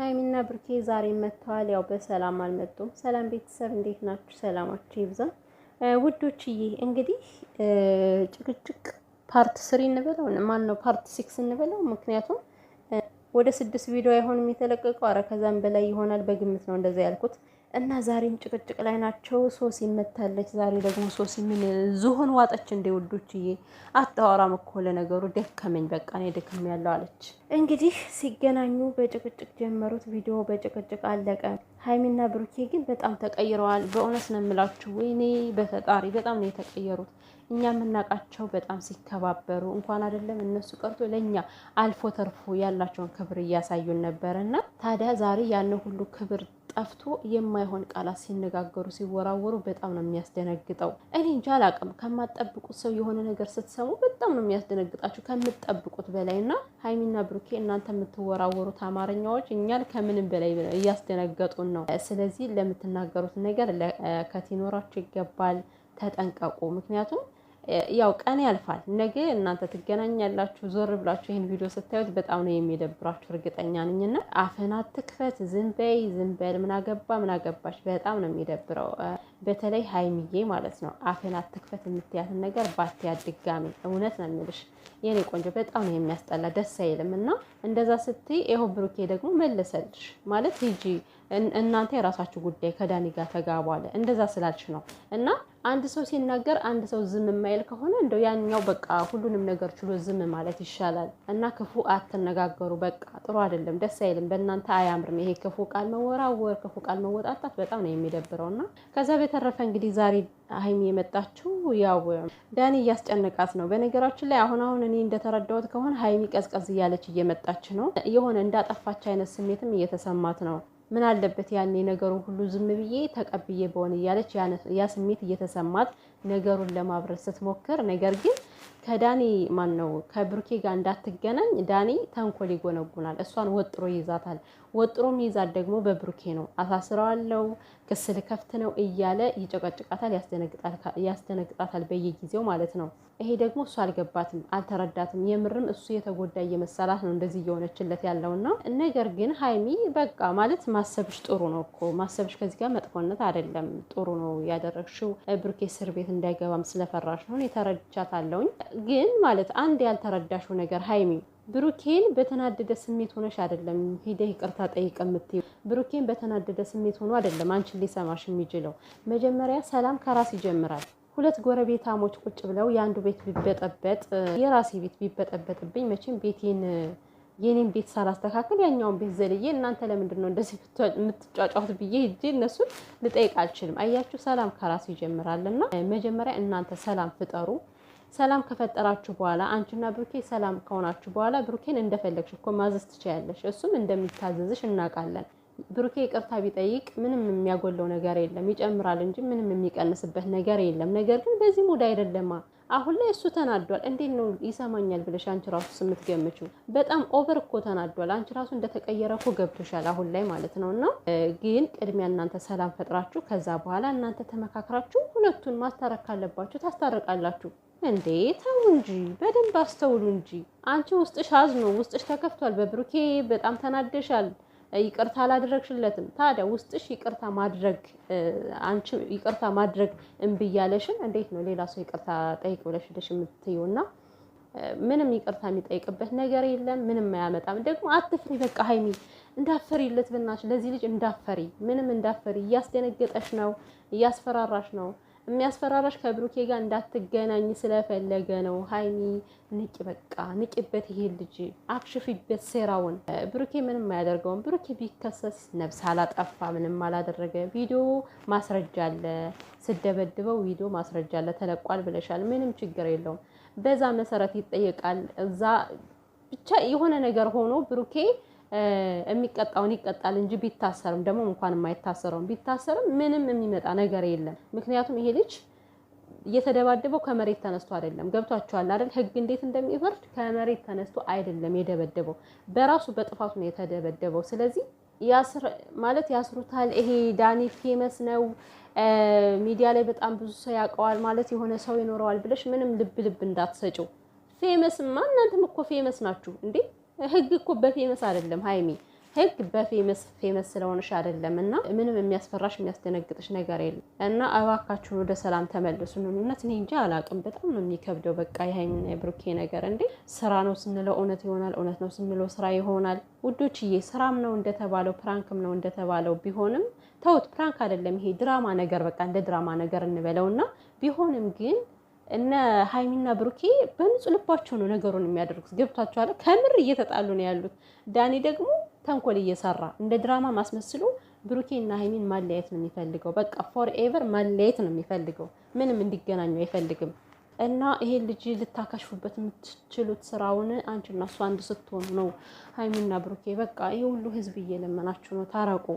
ሀይሚና ብርኬ ዛሬ መጥተዋል። ያው በሰላም አልመጡም። ሰላም ቤተሰብ እንዴት ናችሁ? ሰላማችሁ ይብዛ ውዶችዬ። እንግዲህ ጭቅጭቅ ፓርት ስሪ እንበለው ማን ነው ፓርት ሲክስ እንበለው። ምክንያቱም ወደ ስድስት ቪዲዮ አይሆንም የተለቀቀው፣ አረ ከዛም በላይ ይሆናል በግምት ነው እንደዛ ያልኩት። እና ዛሬም ጭቅጭቅ ላይ ናቸው። ሶሲ መታለች። ዛሬ ደግሞ ሶሲ ምን ዝሆን ዋጠች እንደ ውዶችዬ፣ አታወራም እኮ ለነገሩ ደከመኝ፣ በቃ እኔ ደክም ያለው አለች። እንግዲህ ሲገናኙ በጭቅጭቅ ጀመሩት። ቪዲዮ በጭቅጭቅ አለቀ። ሀይሚና ብሩኬ ግን በጣም ተቀይረዋል። በእውነት ነው የምላችሁ፣ ወይኔ በፈጣሪ በጣም ነው የተቀየሩት። እኛ የምናውቃቸው በጣም ሲከባበሩ እንኳን አይደለም እነሱ ቀርቶ ለእኛ አልፎ ተርፎ ያላቸውን ክብር እያሳዩን ነበረ እና ታዲያ ዛሬ ያን ሁሉ ክብር ጠፍቶ የማይሆን ቃላት ሲነጋገሩ ሲወራወሩ በጣም ነው የሚያስደነግጠው። እኔ እንጃ አላቅም። ከማጠብቁት ሰው የሆነ ነገር ስትሰሙ በጣም ነው የሚያስደነግጣችሁ ከምትጠብቁት በላይ እና ሀይሚና ብሩኬ እናንተ የምትወራወሩት አማርኛዎች እኛን ከምንም በላይ እያስደነገጡን ነው። ስለዚህ ለምትናገሩት ነገር ከቲኖራችሁ ይገባል፣ ተጠንቀቁ። ምክንያቱም ያው ቀን ያልፋል፣ ነገ እናንተ ትገናኛላችሁ። ዞር ብላችሁ ይህን ቪዲዮ ስታዩት በጣም ነው የሚደብራችሁ፣ እርግጠኛ ነኝና አፍህን አትክፈት፣ ዝም በይ፣ ዝም በል፣ ምናገባ ምናገባሽ፣ በጣም ነው የሚደብረው። በተለይ ሀይሚዬ ማለት ነው አፌን አትክፈት የምትያትን ነገር ባትያት ድጋሚ እውነት ነው የምልሽ የኔ ቆንጆ በጣም ነው የሚያስጠላ ደስ አይልም እና እንደዛ ስትይ ይኸው ብሩኬ ደግሞ መለሰልሽ ማለት ሂጂ እናንተ የራሳችሁ ጉዳይ ከዳኒ ጋር ተጋቧለ እንደዛ ስላልሽ ነው እና አንድ ሰው ሲናገር አንድ ሰው ዝም የማይል ከሆነ እንደው ያኛው በቃ ሁሉንም ነገር ችሎ ዝም ማለት ይሻላል እና ክፉ አትነጋገሩ በቃ ጥሩ አይደለም ደስ አይልም በእናንተ አያምርም ይሄ ክፉ ቃል መወራወር ክፉ ቃል መወጣጣት በጣም ነው የሚደብረው እና ከዛ በተረፈ እንግዲህ ዛሬ ሀይሚ የመጣችው ያው ዳኒ እያስጨነቃት ነው። በነገራችን ላይ አሁን አሁን እኔ እንደተረዳሁት ከሆነ ሀይሚ ቀዝቀዝ እያለች እየመጣች ነው። የሆነ እንዳጠፋች አይነት ስሜትም እየተሰማት ነው። ምን አለበት ያኔ ነገሩ ሁሉ ዝም ብዬ ተቀብዬ በሆን እያለች ያ ስሜት እየተሰማት ነገሩን ለማብረድ ስትሞክር፣ ነገር ግን ከዳኒ ማን ነው ከብሩኬ ጋር እንዳትገናኝ ዳኒ ተንኮል ይጎነጉናል። እሷን ወጥሮ ይይዛታል። ወጥሮ ይይዛት ደግሞ በብሩኬ ነው። አሳስረዋለው፣ ክስ ልከፍት ነው እያለ ይጨቀጭቃታል፣ ያስደነግጣታል በየጊዜው ማለት ነው። ይሄ ደግሞ እሱ አልገባትም፣ አልተረዳትም። የምርም እሱ የተጎዳ እየመሰላት ነው እንደዚህ እየሆነችለት ያለውና ነገር ግን ሀይሚ በቃ ማለት ማሰብሽ ጥሩ ነው እኮ ማሰብሽ ከዚህ ጋር መጥፎነት አይደለም፣ ጥሩ ነው ያደረግሽው። ብሩኬ እስር ቤት እንዳይገባም ስለፈራሽ ነው አለውኝ ግን ማለት አንድ ያልተረዳሽው ነገር ሀይሚ ብሩኬን በተናደደ ስሜት ሆነሽ አይደለም ሂደ ይቅርታ ጠይቀ የምትይው። ብሩኬን በተናደደ ስሜት ሆኖ አይደለም አንቺን ሊሰማሽ የሚችለው። መጀመሪያ ሰላም ከራስ ይጀምራል። ሁለት ጎረቤታሞች ቁጭ ብለው የአንዱ ቤት ቢበጠበጥ የራሴ ቤት ቢበጠበጥብኝ መቼም ቤቴን የኔን ቤት ሳላስተካከል ያኛውን ቤት ዘልዬ እናንተ ለምንድን ነው እንደዚህ የምትጫጫሁት ብዬ ሂጄ እነሱን ልጠይቅ አልችልም። አያችሁ ሰላም ከራስ ይጀምራልና መጀመሪያ እናንተ ሰላም ፍጠሩ። ሰላም ከፈጠራችሁ በኋላ አንቺና ብሩኬ ሰላም ከሆናችሁ በኋላ ብሩኬን እንደፈለግሽ እኮ ማዘዝ ትችያለሽ። እሱም እንደሚታዘዝሽ እናውቃለን። ብሩኬ ይቅርታ ቢጠይቅ ምንም የሚያጎለው ነገር የለም፣ ይጨምራል እንጂ ምንም የሚቀንስበት ነገር የለም። ነገር ግን በዚህ ሙድ አይደለማ። አሁን ላይ እሱ ተናዷል። እንዴት ነው ይሰማኛል ብለሽ አንቺ ራሱ ስምትገምችው በጣም ኦቨር እኮ ተናዷል። አንቺ ራሱ እንደተቀየረ እኮ ገብቶሻል፣ አሁን ላይ ማለት ነው። እና ግን ቅድሚያ እናንተ ሰላም ፈጥራችሁ ከዛ በኋላ እናንተ ተመካክራችሁ ሁለቱን ማስታረቅ ካለባችሁ ታስታርቃላችሁ። እንዴ ተው እንጂ በደንብ አስተውሉ እንጂ። አንቺ ውስጥሽ አዝኖ ውስጥሽ ተከፍቷል። በብሩኬ በጣም ተናደሻል። ይቅርታ አላደረግሽለትም። ታዲያ ውስጥሽ ይቅርታ ማድረግ አንቺ ይቅርታ ማድረግ እምቢ እያለሽን እንዴት ነው ሌላ ሰው ይቅርታ ጠይቅ ብለሽ ሄደሽ የምትይው? እና ምንም ይቅርታ የሚጠይቅበት ነገር የለም። ምንም አያመጣም። ደግሞ አትፍሪ። በቃ ሀይሚ እንዳፈሪለት ብናሽ ለዚህ ልጅ እንዳፈሪ፣ ምንም እንዳፈሪ። እያስደነገጠሽ ነው፣ እያስፈራራሽ ነው። የሚያስፈራራሽ ከብሩኬ ጋር እንዳትገናኝ ስለፈለገ ነው። ሀይሚ ንቂ፣ በቃ ንቂበት፣ ይሄ ልጅ አክሽፊበት ሴራውን። ብሩኬ ምንም አያደርገውም። ብሩኬ ቢከሰስ ነብስ አላጠፋ፣ ምንም አላደረገ። ቪዲዮ ማስረጃ አለ፣ ስደበድበው ቪዲዮ ማስረጃ አለ፣ ተለቋል ብለሻል። ምንም ችግር የለውም። በዛ መሰረት ይጠየቃል። እዛ ብቻ የሆነ ነገር ሆኖ ብሩኬ የሚቀጣውን ይቀጣል እንጂ ቢታሰርም ደግሞ እንኳን የማይታሰረውን ቢታሰርም ምንም የሚመጣ ነገር የለም። ምክንያቱም ይሄ ልጅ እየተደባደበው ከመሬት ተነስቶ አይደለም። ገብቷቸዋል አይደል? ህግ እንዴት እንደሚፈርድ ከመሬት ተነስቶ አይደለም የደበደበው፣ በራሱ በጥፋቱ ነው የተደበደበው። ስለዚህ ማለት ያስሩታል። ይሄ ዳኒ ፌመስ ነው፣ ሚዲያ ላይ በጣም ብዙ ሰው ያውቀዋል፣ ማለት የሆነ ሰው ይኖረዋል ብለሽ ምንም ልብ ልብ ፌመስ ፌመስማ እናንተም እኮ ፌመስ ናችሁ እንዴ! ህግ እኮ በፌመስ አይደለም ሀይሚ ህግ በፌመስ ፌመስ ስለሆነሽ አይደለም እና ምንም የሚያስፈራሽ የሚያስደነግጥሽ ነገር የለም። እና እባካችሁን ወደ ሰላም ተመልሱ። ምንነት እኔ እንጂ አላውቅም። በጣም ነው የሚከብደው። በቃ የሀይሚና የብሩኬ ነገር እንዴ ስራ ነው ስንለው እውነት ይሆናል፣ እውነት ነው ስንለው ስራ ይሆናል። ውዶችዬ ስራም ነው እንደተባለው ፕራንክም ነው እንደተባለው ቢሆንም ተውት፣ ፕራንክ አይደለም ይሄ ድራማ ነገር በቃ እንደ ድራማ ነገር እንበለውና ቢሆንም ግን እነ ሀይሚና ብሩኬ በንጹህ ልባቸው ነው ነገሩን የሚያደርጉት። ገብቷቸዋል። ከምር እየተጣሉ ነው ያሉት። ዳኒ ደግሞ ተንኮል እየሰራ እንደ ድራማ ብሩኬ ና ሀይሚን ማለያየት ነው የሚፈልገው። በቃ ፎር ኤቨር ማለያየት ነው የሚፈልገው። ምንም እንዲገናኙ አይፈልግም። እና ይሄ ልጅ ልታካሽፉበት የምትችሉት ስራውን እና እሱ አንድ ስትሆኑ ነው። ሀይሚና ብሩኬ በቃ ይህ ሁሉ ህዝብ እየለመናችሁ ነው፣ ታረቁ